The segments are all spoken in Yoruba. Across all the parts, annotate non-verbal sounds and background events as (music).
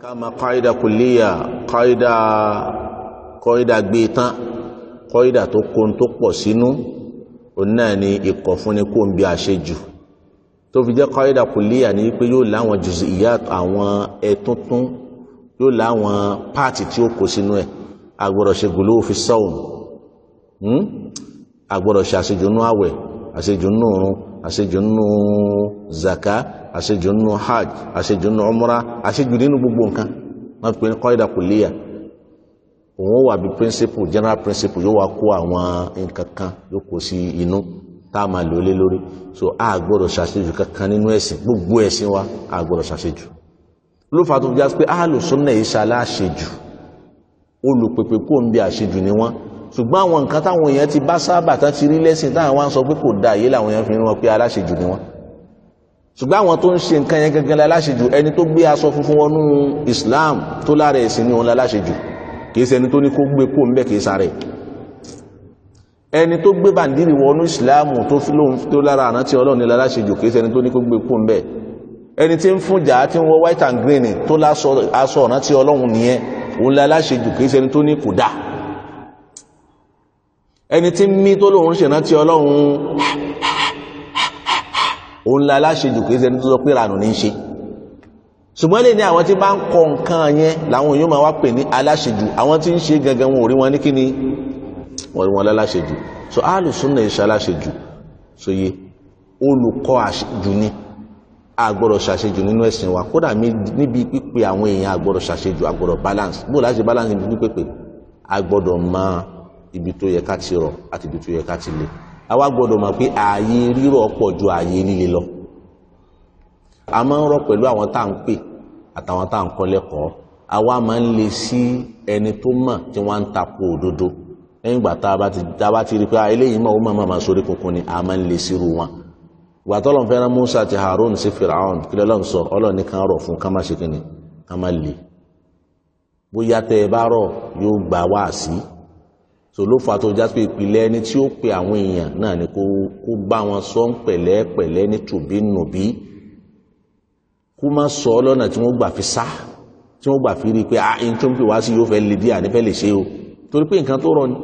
kama qaida kulliya qaida qaida gbetan qaida tó kóhun tó pọ̀ sínú òun náà ni ikọ̀ fúnni kó ń bi àṣejù tó fi jẹ́ qaida kulliya ni pé yóò láwọn juz'iyat àwọn ẹ̀túntún yóò láwọn páàtì tí ó kó sínú ẹ̀ agbọ́dọ̀ ṣe gòló fi sọ́ọ̀n hmm? agbọ́dọ̀ ṣe àṣejù nú àwẹ̀ àṣejù nú òrun àṣejù nú zaka àṣejù nínú hajj àṣejù nínú umrah àṣejù nínú gbogbo nǹkan wọ́n fi kọ́ídà kò léyà òun wà bí principle general principle yóò wá kó àwọn nǹkan kan yóò kó sí inú tá a máa lò lé lórí so a gbọ́dọ̀ ṣàṣejù kankan nínú ẹ̀sìn gbogbo ẹ̀sìn wa a gbọ́dọ̀ ṣàṣejù ló fà tó fi jásí pé ahlu sunna yìí ṣaláṣejù olùpèpè kò ń bí àṣejù ni wọ́n ṣùgbọ́n àwọn nǹkan táwọn èèyàn ti bá sábà tán ti rí lẹ́sìn táwọn wá ń sọ pé kò dáa yìí làwọn èèyàn fi rí wọn pé aláṣejù ni wọ́n ṣùgbọ́n àwọn tó ń ṣe nǹkan yẹn gangan láláṣejù ẹni tó gbé aṣọ funfun wọnú Islam tó lára ẹ̀sìn ní òun láláṣejù kìí ṣẹni tó ní kó gbé kó ń bẹ́ kìí sáré ẹni tó gbé bàndìrì wọnú Islam tó fi lóun tó lára àrántí Ọlọ́run ní láláṣejù kìí ṣẹni tó ní kó gbé kó ń bẹ́ ẹni tí ń fún jà tí ń wọ white and green tó láṣọ aṣọ àrántí Ọlọ́run nìyẹn òun láláṣejù kìí ṣẹni tó ní kò dáa ẹni tí ń mí tó lóun ṣèrántí Ọlọ́run òun la aláṣejù kìí ṣe ní tó sọ pé ìranù ní í ṣe ṣùgbọ́n lè ní àwọn tí bá ń kọ nǹkan yẹn làwọn èèyàn máa wá pè ní aláṣejù àwọn tí ń ṣe gangan wọn ò rí wọn ní kíni wọn rí wọn láláṣejù so alùsùnà ìṣe aláṣejù so yé olùkọ́ àṣejù ni a gbọ́dọ̀ ṣàṣejù nínú ẹ̀sìn wa kódà níbi pípé àwọn èèyàn a ṣàṣejù a balance bó láti balance níbi pípé a gbọ́dọ̀ mọ ibi tó yẹ ká ti rọ̀ àti ibi tó yẹ ká ti le àwa gbọ́dọ̀ mọ̀ pé ààyè rírọ̀ pọ̀ ju ààyè líle lọ a máa ń rọ̀ pẹ̀lú àwọn tá à ń pè àtàwọn tá à ń kọ́ lẹ́kọ̀ọ́ àwa máa ń le sí ẹni tó mọ̀ tí wọ́n ń tako òdodo lẹ́yìn ìgbà tá a bá ti rí pé ah, eléyìí mọ̀ ó máa máa sórí kunkun ni a máa ń le sírú wọn ìgbà tó lọ́n fẹ́ràn Musa àti Harun sí Firaun kí lọ́n sọ ọlọ́ọ̀ni kan rọ̀ fún ká má bóyá tẹ ẹ bá rọ̀ yóò gbà wá sí i so ló fa tó jásí pé ìpìlẹ̀ ẹni tí ó pe àwọn èèyàn náà ni kó kó bá wọn sọ ń pẹ̀lẹ́ pẹ̀lẹ́ ní tòbínùbí kó má sọ ọ lọ́nà tí wọ́n gbà fi sá tí wọ́n gbà fi rí i pé ah ẹni tó ń pè wá sí yóò fẹ́ lè dí ànífẹ́ lè ṣe o torí pé nǹkan tó rọ ni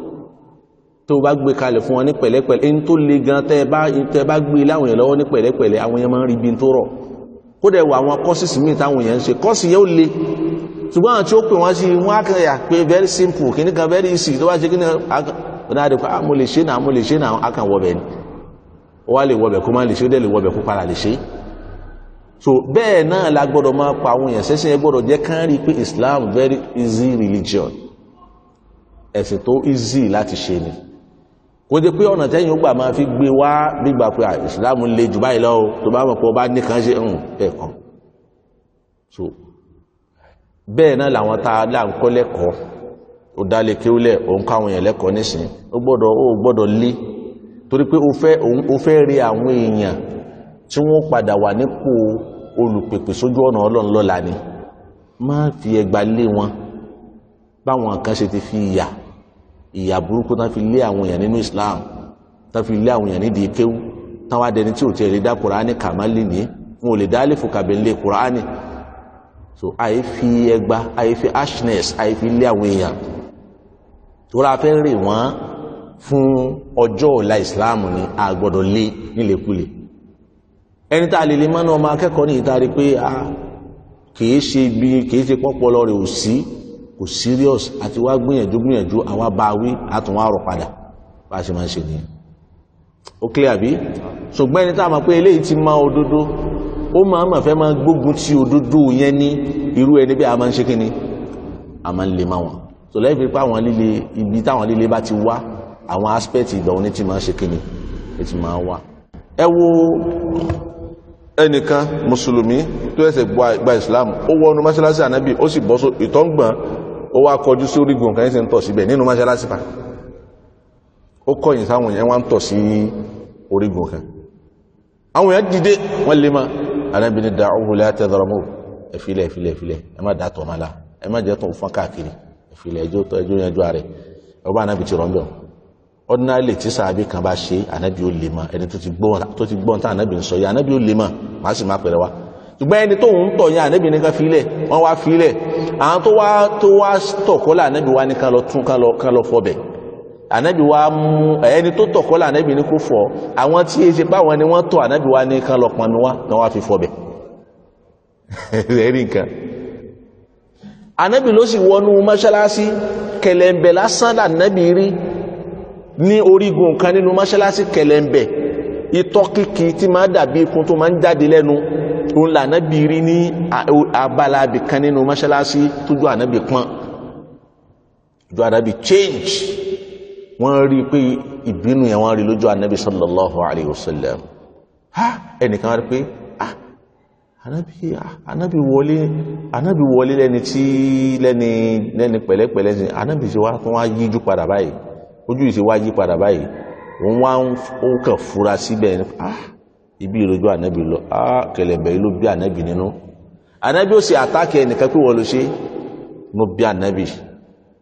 tó bá gbé kalẹ̀ fún wọn ní pẹ̀lẹ́pẹ̀lẹ́ ẹni tó le gan tẹ́ bá tẹ́ bá gbé e láwọn èèyàn lọ́wọ́ ní pẹ̀lẹ́pẹ̀lẹ́ àwọn èèyàn máa ń rí ibi tó rọ̀ kó dẹ̀ wọ àwọn kọ́sìsì míì táwọn èèyàn ń ṣe kọ́sì yẹn ó ṣùgbọ́n àwọn tí ó pè wọ́n sí wọ́n á pé very simple kìíní kan very easy tó bá ṣe kíní kan náà dẹ̀kọ́ ah, mo lè ṣe náà mo lè ṣe náà á kàn wọ̀bẹ̀ ni wọ́n á lè wọ̀bẹ̀ kó má lè ṣe ó dẹ̀ lè wọ̀bẹ̀ kó padà lè ṣe so bẹ́ẹ̀ náà la gbọ́dọ̀ máa pa àwọn èèyàn sẹ́sìn gbọ́dọ̀ jẹ́ kán rí pé Islam very easy religion ẹ̀sìn tó easy láti ṣe ni kò jẹ́ pé ọ̀nà tẹ́yìn ó gbà máa fi gbé wá gbígbà pé ah, Islam le jù báyìí lọ tó bá mọ̀ pé ọba nìkan ṣe ń ẹ̀kan so bẹ́ẹ̀ náà làwọn tá a láǹkọ́ lẹ́kọ̀ọ́ ó dálé kéwúlẹ̀ òun káwọn èèyàn lẹ́kọ̀ọ́ nísìn ó gbọ́dọ̀ ó gbọ́dọ̀ lé torí pé ó fẹ́ rí àwọn èèyàn tí wọ́n padà wà nípò olùpèpè sójú ọ̀nà ọlọ́run ni má fi ẹgba lé wọn báwọn kan ṣe ti fi ìyà ìyà burúkú tán fi lé àwọn èèyàn nínú Islam tán fi lé àwọn èèyàn nídìí kéwú táwọn adẹni tí ò tiẹ̀ lè dá Kùránì kàmá lè ní wọn ò lè dá àlè lé Kùránì so àyè fi ẹgba àyè fi ashness àyè fi lé àwọn èèyàn tó ra fẹ́ rè wọ́n fún ọjọ́ ọ̀la ìsìláàmù ni a gbọ́dọ̀ lé nílẹ̀kulẹ̀ ẹni tá a lè lè mọ́nà ọmọ akẹ́kọ̀ọ́ ní ìta rí pé a kìí ṣe ibi kìí ṣe pọ́pọ́lọ rẹ̀ ò sí kò serious àti wá gbìyànjú gbìyànjú àwa bá wí àtún wá rọ̀ padà bá a ṣe máa ń ṣe nìyẹn ó clear bí ṣùgbọ́n ẹni tá a mọ̀ pé eléyìí ti máa òdodo ó máa ma fẹ́ máa gbógun ti òdodo yẹn ní irú ẹni bí a máa ń ṣe kíni a máa ń lè má wọn tó lẹ́yìn pé àwọn líle ibi táwọn líle bá ti wá àwọn aspect ìdánwò ní ti máa ṣe kíni ẹ ti máa wá ẹ wo ẹnìkan mùsùlùmí tó ẹsẹ̀ gba Islam ó wọ inú mọ́ṣáláṣí ànábì ó sì bọ́ so ìtọ́ngbọ̀n ó wá kọjú sí orígun kan ẹ̀ sì ń tọ̀ síbẹ̀ nínú mọ́ṣáláṣí pa ó kọ̀yìn sáwọn yẹn wá ń tọ̀ sí orígun kan àwọn yẹn dìde wọ́n lè máa arábìnrin da ọ̀hún láti ẹ̀dọ̀rọ̀mù ẹ̀fílẹ̀ ẹ̀fílẹ̀ ẹ̀fílẹ̀ ẹ má dà tọ̀ mọ́lá ẹ má jẹ́ tó fọ́n káàkiri ẹ̀fílẹ̀ ẹjọ́ tó ẹjọ́ yanjú ààrẹ ọba anábì ti rọ́ńbẹ̀ ordinarily tí sàábì kan bá ṣe anábì ó lè mọ ẹni tó ti gbọ́n tá anábì ń sọ yẹ anábì ó lè mọ màá sì má pẹ̀rẹ̀ wá ṣùgbọ́n ẹni tó ń tọ̀ yẹn anábì nìkan filẹ̀ wọ́n wá filẹ̀ àwọn tó wá tó wá tọ̀kọ́lá anábì wá ní kan lọ tún kan lọ fọbẹ̀ ànábì wa mu ẹni tó tọ̀kọ́ là ànábì ní kó fọ̀ àwọn tí èyí ṣe páwọn ni wọ́n tọ̀ ànábì wa ní kan lọ́pọ̀ mi wá náà wá fi fọ̀ bẹ̀ (laughs) ẹ̀rí nǹkan ànábì ló sì wọnú mọ́ṣáláṣí kẹlẹ̀ǹbẹ̀ lásán là ànábì rí ní orígun nǹkan nínú mọ́ṣáláṣí kẹlẹ̀ǹbẹ̀ itọ́ kìkì tí máa dàbí ikun tó máa ń jáde lẹ́nu òun là rí ní abala abìkan nínú mọ́ṣáláṣí tó jọ ànábì pọ́n jọ ànábì change wọ́n rí pé ìbínú yẹn wọ́n rí lójú anabi sallallahu alayhi wa sallam ha ẹnìkan rí pé ah anabi anabi ah! wọlé anabi wọlé lẹ́ni tí lẹ́ni lẹ́ni pẹ̀lẹ́pẹ̀lẹ́ sí anabi ṣe wá tún wá yíjú padà báyìí ojú ìṣe wá yí padà báyìí wọ́n wá ó kàn fura síbẹ̀ ah ibi ìrojú anabi lọ ah kẹlẹ̀bẹ̀ ló bí anabi nínú anabi ó sì àtàkì ẹnìkan pé wọ́n ló ṣe ló bí anabi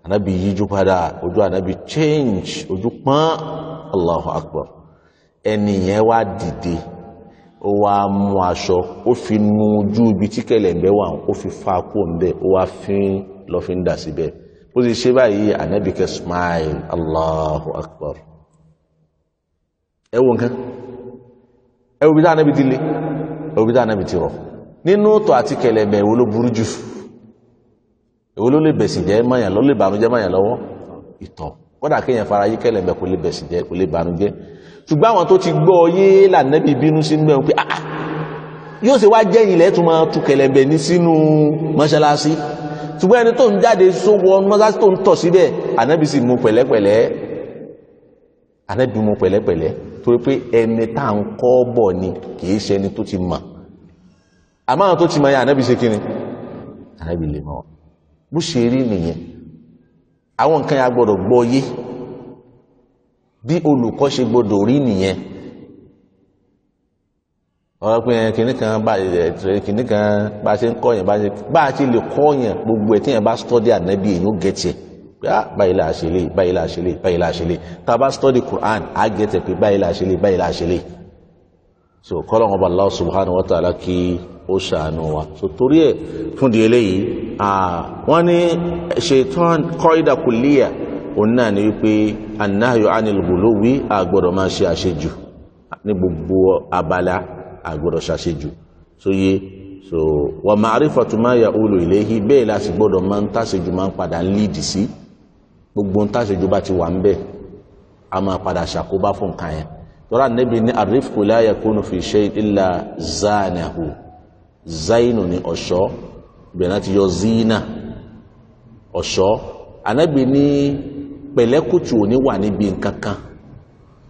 anabi yíjú padà ojú anabi change ojú pọ́n allahu akbar ẹni yẹn wá dìde ó wá mú aṣọ ó fi nu ojú ibi tí kẹlẹ̀ǹbẹ̀ wà ó fi fa kó ń bẹ̀ ó wá fín lọ́ fi ń dà síbẹ̀ ó sì ṣe báyìí anabi kẹ smile allahu akbar ẹ wo nǹkan ẹ wo bí tá anabi ti le ẹ wo bí tá anabi ti rọ nínú tọ́ àti kẹlẹ̀ǹbẹ̀ wo ló burú jù èwo ló lè bẹ̀sìn jẹ́ mọ̀yàn ló lè bànújẹ́ mọ̀yàn lọ́wọ́ ìtọ̀ kódà kéèyàn fara yí kẹlẹ̀ mbẹ́ kò lè bẹ̀sìn jẹ́ kò lè bànújẹ́ ṣùgbọ́n àwọn tó ti gbọ́ yé lànàbí bínú sí mbẹ́ pé ah, ah yóò ṣe wá jẹ́ ilẹ̀ tó máa tu kẹlẹ̀ mbẹ́ ní sínú mọ́ṣáláṣí ṣùgbọ́n ẹni tó ń jáde sówọ́ mọ́ṣáláṣí tó ń tọ̀ síbẹ̀ ànábì sì mú pẹ̀lẹ́pẹ̀lẹ́ ànábì mú ni kì í ṣe ẹni tó ti mọ̀ àmọ́ àwọn tó ti mọ̀ yẹn ànábì ṣe kí ni ànábì lè mọ̀ ọ́ bó ṣe rí nìyẹn àwọn nǹkan yẹn a gbọ́dọ̀ gbọ́ yé bí olùkọ́ ṣe gbọ́dọ̀ rí nìyẹn ọ̀rọ̀ pé kìnnì kan bá kìnnì kan bá ṣe ń kọ́ yẹn bá ṣe bá ṣe lè kọ́ yẹn gbogbo ẹ̀ tí yẹn bá study ànábì èyí ó gẹ̀tì ẹ̀ ah, báyìí la ṣe lè báyìí la ṣe lè báyìí la ṣe lè tá a bá study Quran á gẹ̀tì ẹ̀ pé báyìí la ṣe lè báyìí la ṣe lè so kọ́lọ́n ọba Allah subhanahu wa ta'ala kí ó ṣàánú wa so torí ẹ̀ fún di eléyìí wọ́n ní ṣètàn kọ́ídà kùlíyà òun náà ni wípé anáyọ anilgolowi àgbọ̀dọ̀ máa ṣe àṣejù ní gbogbo abala àgbọ̀dọ̀ ṣàṣejù so yé so wọ́n máa rí fatuma ya olú ìléhi bẹ́ẹ̀ láti gbọ́dọ̀ máa ń tàṣejù máa ń padà ń líìdì sí gbogbo ń tàṣejù bá ti wà ń bẹ̀ a máa padà ṣàkóbá fún nǹkan yẹn tọ́lá nẹ́bi ní àrífkù kónú fi ṣe ìlà záànàhù zainu ni ọ̀ṣọ́ bẹ̀rẹ̀ láti yọ zina ọ̀ṣọ́ anábì ní pẹ̀lẹ́kùtù ò ní wà níbi nǹkan kan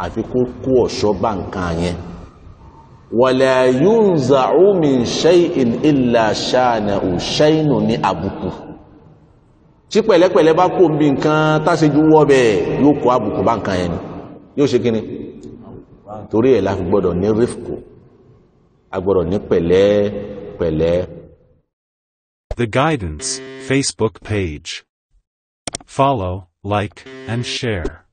àfi kó kó ọ̀ṣọ́ bá nǹkan yẹn wala yunza'u min shay'in illa sha'nahu shay'un ní àbùkù tí pẹ̀lẹ́pẹ̀lẹ́ bá kó bí nǹkan táṣejú wọ́ bẹ́ẹ̀ yóò kó àbùkù bá nǹkan yẹn ni yóò ṣe ni torí ẹ̀ la fi gbọ́dọ̀ ní ní pẹ̀lẹ́ The Guidance Facebook page. Follow, like, and share.